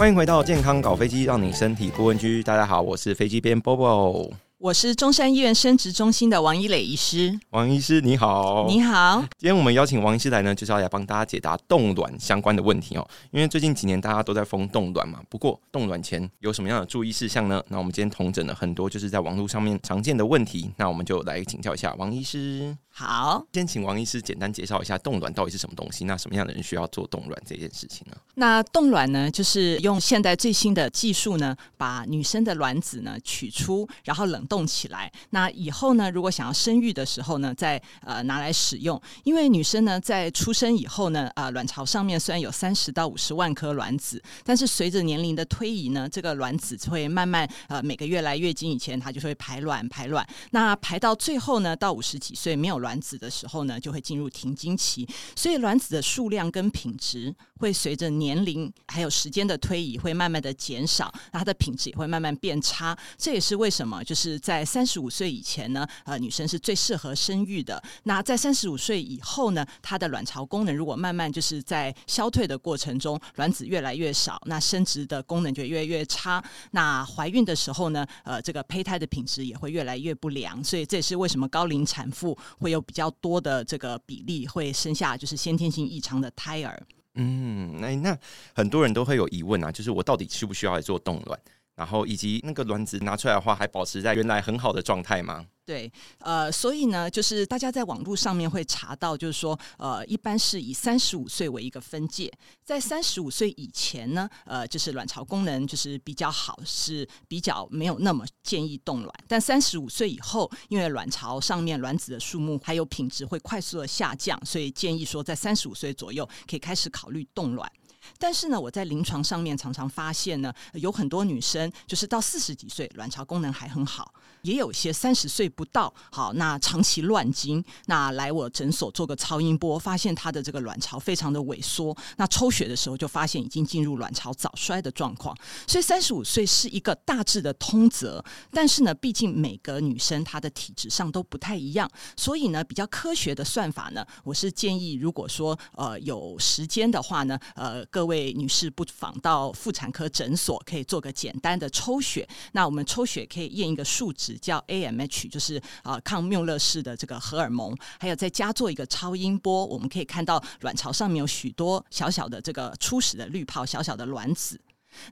歡迎回到健康搞飛機，讓你身體不 NG。大家好，我是飛機編 Bobo 我是中山醫院生殖中心的王伊蕾醫師。王醫師你好，你好，你好。今天我們邀請王醫師來呢，就是要來幫大家解答凍卵相關的問題哦。因為最近幾年大家都在瘋凍卵嘛，不過凍卵前有什麼樣的注意事項呢？那我們今天統整了很多就是在網絡上面常見的問題，那我們就來請教一下王醫師。好，先請王醫師簡單介紹一下凍卵到底是什麼東西？那什麼樣的人需要做凍卵這件事情呢？那凍卵呢，就是用現代最新的技術呢，把女生的卵子呢取出，然後冷。凍起來，那以後呢，如果想要生育的時候呢，再呃拿來使用。因為女生呢，在出生以後呢，呃，卵巢上面雖然有三十到五十萬顆卵子，但是隨着年齡的推移呢，這個卵子會慢慢呃每個月來月經以前，它就會排卵排卵。那排到最後呢，到五十幾歲沒有卵子的時候呢，就會進入停經期。所以卵子的數量跟品質會隨着年齡還有時間的推移會慢慢的減少，那它的品質也會慢慢變差。這也是為什麼就是。在三十五歲以前呢，呃，女生是最適合生育的。那在三十五歲以後呢，她的卵巢功能如果慢慢就是在消退的過程中，卵子越來越少，那生殖的功能就越來越差。那懷孕的時候呢，呃，這個胚胎的品質也會越來越不良。所以這也是為什麼高齡產婦會有比較多的這個比例會生下就是先天性異常的胎兒。嗯，那那很多人都會有疑問啊，就是我到底需不需要來做凍卵？然後以及那個卵子拿出來的話，還保持在原來很好的狀態嗎？對，呃，所以呢，就是大家在網絡上面會查到，就是說，呃，一般是以三十五歲為一個分界，在三十五歲以前呢，呃，就是卵巢功能就是比較好，是比較沒有那麼建議凍卵，但三十五歲以後，因為卵巢上面卵子的數目還有品質會快速的下降，所以建議說在三十五歲左右可以開始考慮凍卵。但是呢，我在臨床上面常常發現呢，有很多女生就是到四十幾歲，卵巢功能還很好；也有些三十歲不到，好，那長期亂經，那來我診所做個超音波，發現她的這個卵巢非常的萎縮。那抽血的時候就發現已經進入卵巢早衰的狀況。所以三十五歲是一個大致的通則，但是呢，畢竟每個女生她的體質上都不太一樣，所以呢，比較科學的算法呢，我是建議，如果說呃有時間的話呢，呃。各位女士，不妨到婦產科診所可以做個簡單的抽血。那我們抽血可以驗一個數值，叫 AMH，就是啊、呃、抗繆勒氏的這個荷爾蒙。還有再加做一個超音波，我們可以看到卵巢上面有許多小小的這個初始的濾泡，小小的卵子。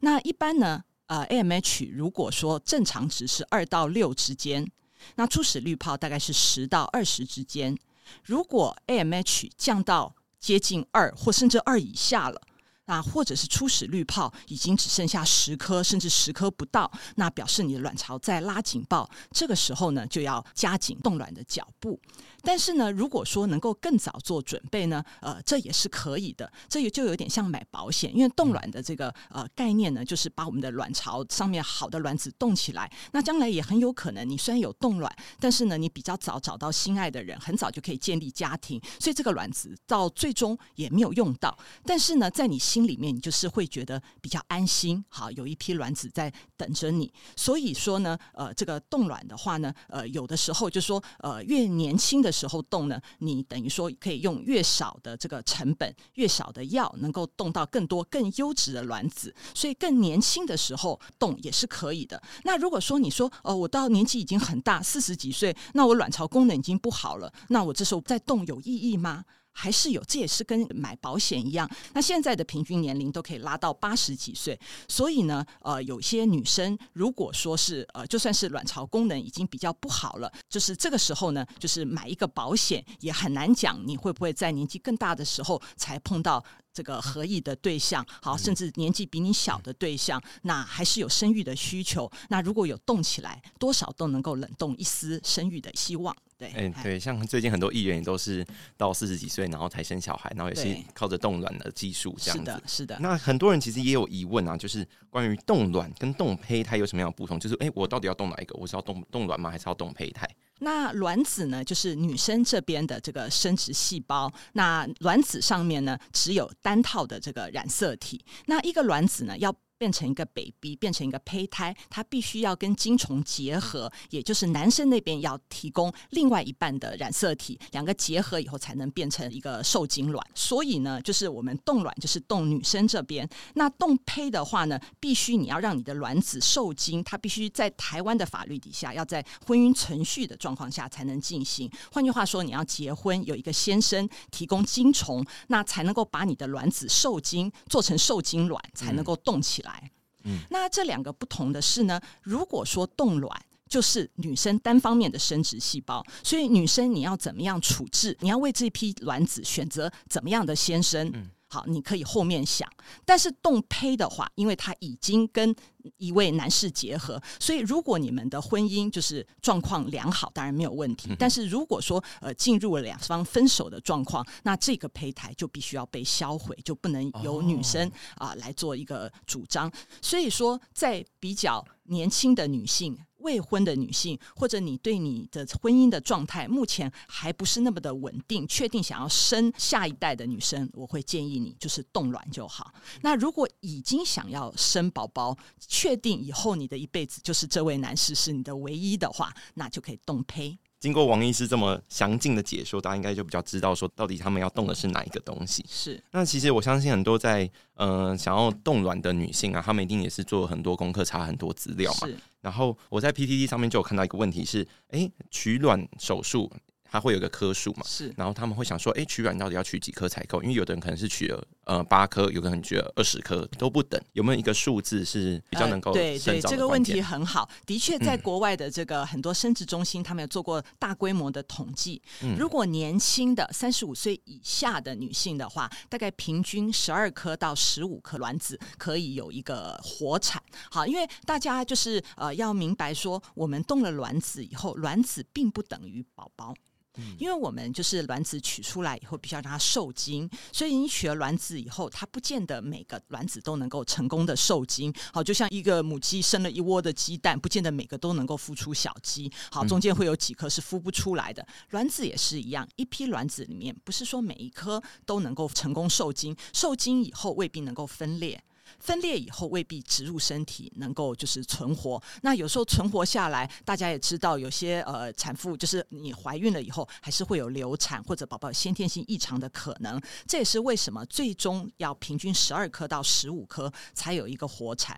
那一般呢，呃 AMH 如果說正常值是二到六之間，那初始濾泡大概是十到二十之間。如果 AMH 降到接近二或甚至二以下了。那或者是初始濾泡已經只剩下十顆，甚至十顆不到，那表示你的卵巢在拉警報。這個時候呢，就要加緊凍卵的腳步。但是呢，如果說能夠更早做準備呢，呃，這也是可以的。這也就有點像買保險，因為凍卵的這個呃概念呢，就是把我們的卵巢上面好的卵子凍起來。那將來也很有可能，你雖然有凍卵，但是呢，你比較早找到心愛的人，很早就可以建立家庭。所以這個卵子到最終也沒有用到。但是呢，在你心心裡面你就是會覺得比較安心，好有一批卵子在等着你。所以說呢，呃，這個凍卵的話呢，呃，有的時候就說，呃，越年輕的時候凍呢，你等於說可以用越少的這個成本，越少的藥，能夠凍到更多更優質的卵子，所以更年輕的時候凍也是可以的。那如果說你說，呃，我到年紀已經很大，四十幾歲，那我卵巢功能已經不好了，那我這時候再凍有意義嗎？還是有，這也是跟買保險一樣。那現在的平均年齡都可以拉到八十幾歲。所以呢，呃，有些女生如果說是，呃，就算是卵巢功能已經比較不好了，就是這個時候呢，就是買一個保險，也很難講，你會不會在年紀更大的時候才碰到。這個合意的對象，好，甚至年紀比你小的對象，那還是有生育的需求。那如果有凍起來，多少都能夠冷凍一絲生育的希望。對，欸、對，像最近很多藝人也都是到四十幾歲，然後才生小孩，然後也是靠着凍卵的技術這樣子。是的，是的。那很多人其實也有疑問啊，就是關於凍卵跟凍胚胎有什麼樣的不同？就是哎、欸，我到底要凍哪一個？我是要凍凍卵嗎？還是要凍胚胎？那卵子呢，就是女生這邊的這個生殖細胞。那卵子上面呢，只有單套的這個染色體。那一個卵子呢，要。變成一個北鼻，變成一個胚胎，它必須要跟精蟲結合，也就是男生那邊要提供另外一半的染色體，兩個結合以後才能變成一個受精卵。所以呢，就是我們凍卵就是凍女生這邊，那凍胚的話呢，必須你要讓你的卵子受精，它必須在台灣的法律底下，要在婚姻存續的狀況下才能進行。換句話說，你要結婚，有一個先生提供精蟲，那才能夠把你的卵子受精，做成受精卵，才能夠凍起來。嗯來，嗯，那這兩個不同的是呢？如果說凍卵就是女生單方面的生殖細胞，所以女生你要怎麼樣處置？你要為這一批卵子選擇怎麼樣的先生？嗯。好，你可以後面想，但是凍胚的話，因為他已經跟一位男士結合，所以如果你們的婚姻就是狀況良好，當然沒有問題。但是如果說呃進入了兩方分手的狀況，那這個胚胎就必須要被銷毀，就不能由女生啊、oh. 呃、來做一個主張。所以說，在比較年輕的女性。未婚的女性，或者你對你的婚姻的狀態目前還不是那麼的穩定、確定，想要生下一代的女生，我會建議你就是凍卵就好。那如果已經想要生寶寶，確定以後你的一輩子就是這位男士是你的唯一的話，那就可以凍胚。經過王醫師這麼詳盡的解說，大家應該就比較知道說，到底他們要凍的是哪一個東西。嗯、是，那其實我相信很多在嗯、呃、想要凍卵的女性啊，她們一定也是做很多功課，查很多資料嘛。是然後我在 P T T 上面就有看到一個問題，是，哎，取卵手術它會有個顆數嘛？是，然後他們會想說，哎，取卵到底要取幾顆才夠？因為有的人可能是取了。呃，八顆，有個人覺得，二十顆都不等，有沒有一個數字是比較能夠、呃？對對，這個問題很好，的確，在國外的這個很多生殖中心，嗯、他們有做過大規模的統計。如果年輕的三十五歲以下的女性的話，大概平均十二顆到十五顆卵子可以有一個活產。好，因為大家就是呃，要明白說，我們凍了卵子以後，卵子並不等於寶寶。因為我們就是卵子取出來以後，必須要讓它受精，所以你取了卵子以後，它不見得每個卵子都能夠成功的受精。好，就像一個母雞生了一窩的雞蛋，不見得每個都能夠孵出小雞。好，中間會有幾顆是孵不出來的，嗯、卵子也是一樣，一批卵子裡面不是說每一顆都能夠成功受精，受精以後未必能夠分裂。分裂以後未必植入身體能夠就是存活，那有時候存活下來，大家也知道有些呃產婦就是你懷孕了以後還是會有流產或者寶寶先天性異常的可能，這也是為什麼最終要平均十二顆到十五顆才有一個活產。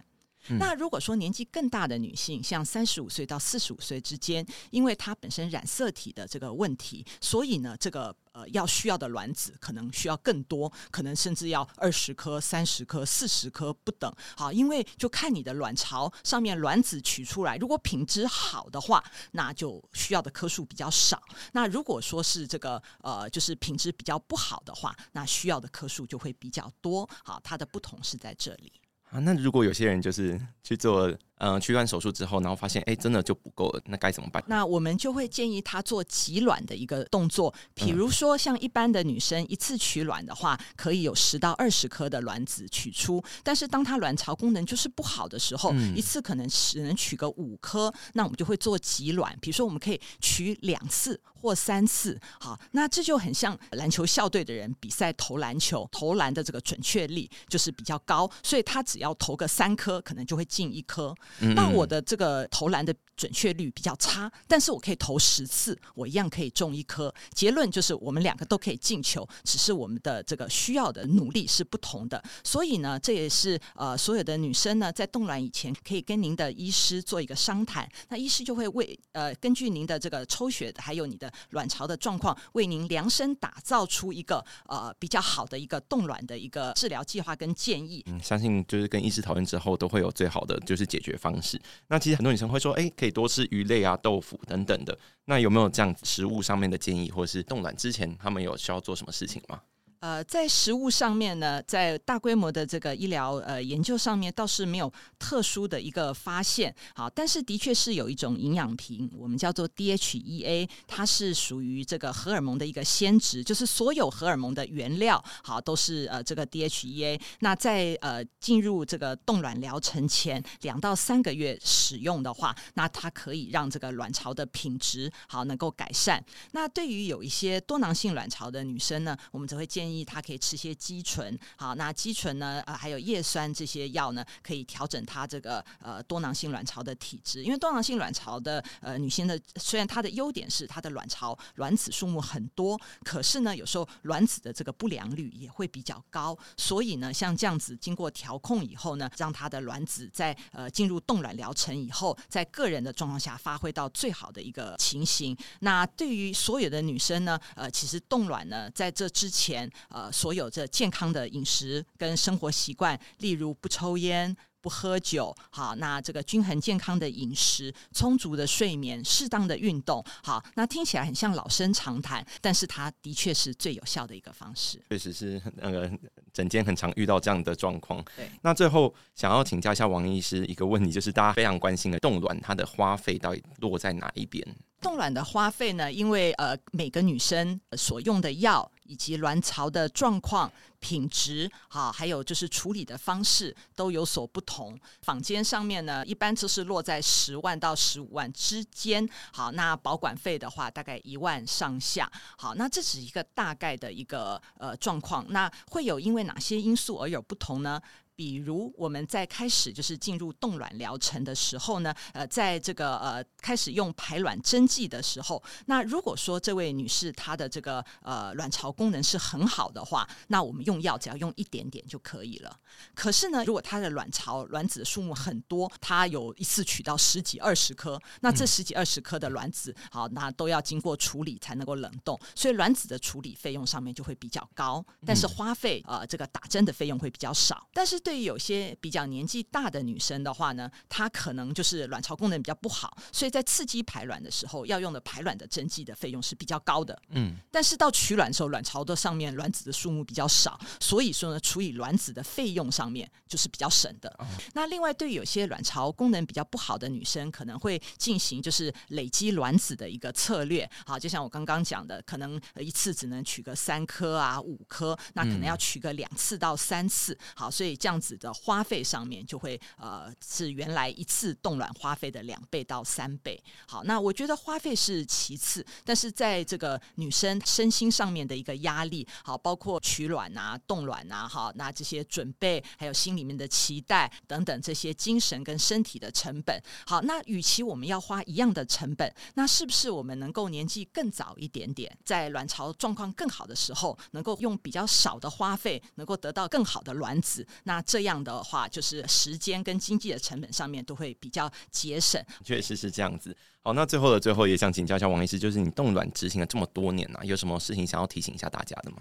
嗯，那如果說年紀更大的女性，像三十五歲到四十五歲之間，因為她本身染色體的這個問題，所以呢，這個呃要需要的卵子可能需要更多，可能甚至要二十顆、三十顆、四十顆不等。好，因為就看你的卵巢上面卵子取出來，如果品質好的話，那就需要的顆數比較少；那如果說是這個呃，就是品質比較不好的話，那需要的顆數就會比較多。好，它的不同是在這裡。啊，那如果有些人就是去做。嗯，取卵、呃、手術之後，然後發現哎、欸，真的就不夠了，那該怎麼辦？那我們就會建議她做集卵的一個動作，比如說像一般的女生一次取卵的話，嗯、可以有十到二十顆的卵子取出，但是當她卵巢功能就是不好的時候，嗯、一次可能只能取個五顆，那我們就會做集卵，比如說我們可以取兩次或三次，好，那這就很像籃球校隊的人比賽投籃球，投籃的這個準確率就是比較高，所以他只要投個三顆，可能就會進一顆。嗯嗯，那我的這個投籃的準確率比較差，但是我可以投十次，我一樣可以中一顆。結論就是我們兩個都可以進球，只是我們的這個需要的努力是不同的。所以呢，這也是呃所有的女生呢在凍卵以前可以跟您的醫師做一個商談，那醫師就會為呃根據您的這個抽血還有你的卵巢的狀況，為您量身打造出一個呃比較好的一個凍卵的一個治療計劃跟建議。嗯，相信就是跟醫師討論之後都會有最好的就是解決法，方式，那其實很多女生會說，哎、欸，可以多吃魚類啊、豆腐等等的。那有沒有這樣食物上面的建議，或是凍卵之前，她們有需要做什麼事情嗎？呃，在食物上面呢，在大規模的這個醫療呃研究上面倒是沒有特殊的一個發現，好，但是的確是有一種營養品，我們叫做 DHEA，它是屬於這個荷爾蒙的一個先值，就是所有荷爾蒙的原料，好，都是呃這個 DHEA。那在呃進入這個凍卵療程前兩到三個月使用的話，那它可以讓這個卵巢的品質好能夠改善。那對於有一些多囊性卵巢的女生呢，我們則會建議。建議她可以吃些肌醇，好，那肌醇呢，呃，還有葉酸這些藥呢，可以調整她這個呃多囊性卵巢的體質。因為多囊性卵巢的呃女性的，雖然她的優點是她的卵巢卵子數目很多，可是呢，有時候卵子的這個不良率也會比較高。所以呢，像這樣子經過調控以後呢，讓她的卵子在呃進入凍卵療程以後，在個人的狀況下發揮到最好的一個情形。那對於所有的女生呢，呃，其實凍卵呢，在這之前。呃，所有這健康的飲食跟生活習慣，例如不抽菸、不喝酒，好，那這個均衡健康的飲食、充足的睡眠、適當的運動，好，那聽起來很像老生常談，但是它的確是最有效的一個方式。確實是那個診間很常遇到這樣的狀況。對，那最後想要請教一下王醫師一個問題，就是大家非常關心的凍卵，它的花費到底落在哪一邊？凍卵的花費呢？因為呃，每個女生所用的藥以及卵巢的狀況、品質啊，還有就是處理的方式都有所不同。坊間上面呢，一般就是落在十萬到十五萬之間。好，那保管費的話，大概一萬上下。好，那這是一個大概的一個呃狀況。那會有因為哪些因素而有不同呢？比如我們在開始就是進入凍卵療程的時候呢，呃，在這個呃開始用排卵針劑的時候，那如果說這位女士她的這個呃卵巢功能是很好的話，那我們用藥只要用一點點就可以了。可是呢，如果她的卵巢卵子的數目很多，她有一次取到十幾二十顆，那這十幾二十顆的卵子，好，那都要經過處理才能夠冷凍，所以卵子的處理費用上面就會比較高，但是花費呃這個打針的費用會比較少，但是對對於有些比較年紀大的女生的話呢，她可能就是卵巢功能比較不好，所以在刺激排卵的時候要用的排卵的針劑的費用是比較高的。嗯，但是到取卵的時候，卵巢的上面卵子的數目比較少，所以說呢，除以卵子的費用上面就是比較省的。哦，那另外，對於有些卵巢功能比較不好的女生，可能會進行就是累積卵子的一個策略。好，就像我剛剛講的，可能一次只能取個三顆啊五顆，那可能要取個兩次到三次。好，所以這樣。子的花費上面就會呃是原來一次凍卵花費的兩倍到三倍。好，那我覺得花費是其次，但是在這個女生身心上面的一個壓力，好，包括取卵啊、凍卵啊，好，那這些準備，還有心裡面的期待等等這些精神跟身體的成本，好，那與其我們要花一樣的成本，那是不是我們能夠年紀更早一點點，在卵巢狀況更好的時候，能夠用比較少的花費，能夠得到更好的卵子？那這樣的話，就是時間跟經濟的成本上面都會比較節省。確實是這樣子。好，那最後的最後，也想請教一下王醫師，就是你凍卵執行了這麼多年了啊，有什麼事情想要提醒一下大家的嗎？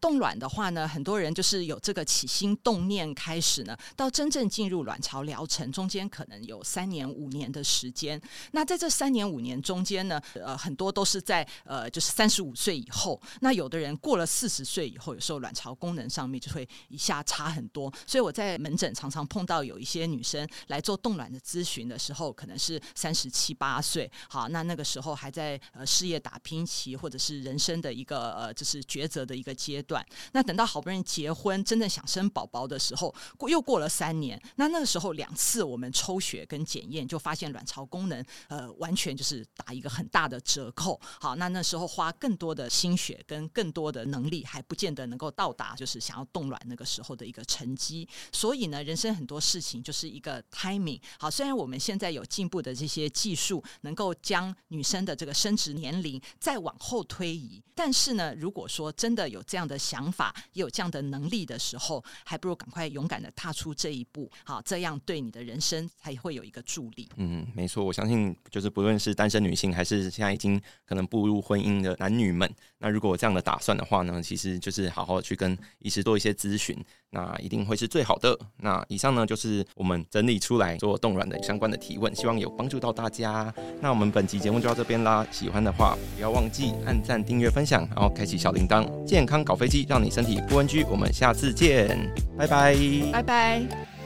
凍卵的話呢，很多人就是有這個起心動念開始呢，到真正進入卵巢療程中間，可能有三年五年的時間。那在這三年五年中間呢，呃，很多都是在呃，就是三十五歲以後。那有的人過了四十歲以後，有時候卵巢功能上面就會一下差很多。所以我在門診常常碰到有一些女生來做凍卵的諮詢的時候，可能是三十七八歲，好，那那個時候還在呃事業打拼期，或者是人生的一個呃就是抉擇的一個階段。段，那等到好不容易結婚，真正想生寶寶的時候過，又過了三年。那那個時候，兩次我們抽血跟檢驗，就發現卵巢功能，呃，完全就是打一個很大的折扣。好，那那時候花更多的心血跟更多的能力，還不見得能夠到達就是想要凍卵那個時候的一個成績。所以呢，人生很多事情就是一個 timing。好，雖然我們現在有進步的這些技術，能夠將女生的這個生殖年齡再往後推移，但是呢，如果說真的有這樣的。想法也有這樣的能力的時候，還不如趕快勇敢的踏出這一步，好，這樣對你的人生才會有一個助力。嗯，沒錯，我相信就是不論是單身女性，還是現在已經可能步入婚姻的男女們，那如果有這樣的打算的話呢，其實就是好好去跟醫師做一些諮詢，那一定會是最好的。那以上呢就是我們整理出來做凍卵的相關的提問，希望有幫助到大家。那我們本期節目就到這邊啦，喜歡的話不要忘記按讚、訂閱、分享，然後開啟小鈴鐺，健康搞飛。讓你身體不 NG。我們下次見，拜拜，拜拜。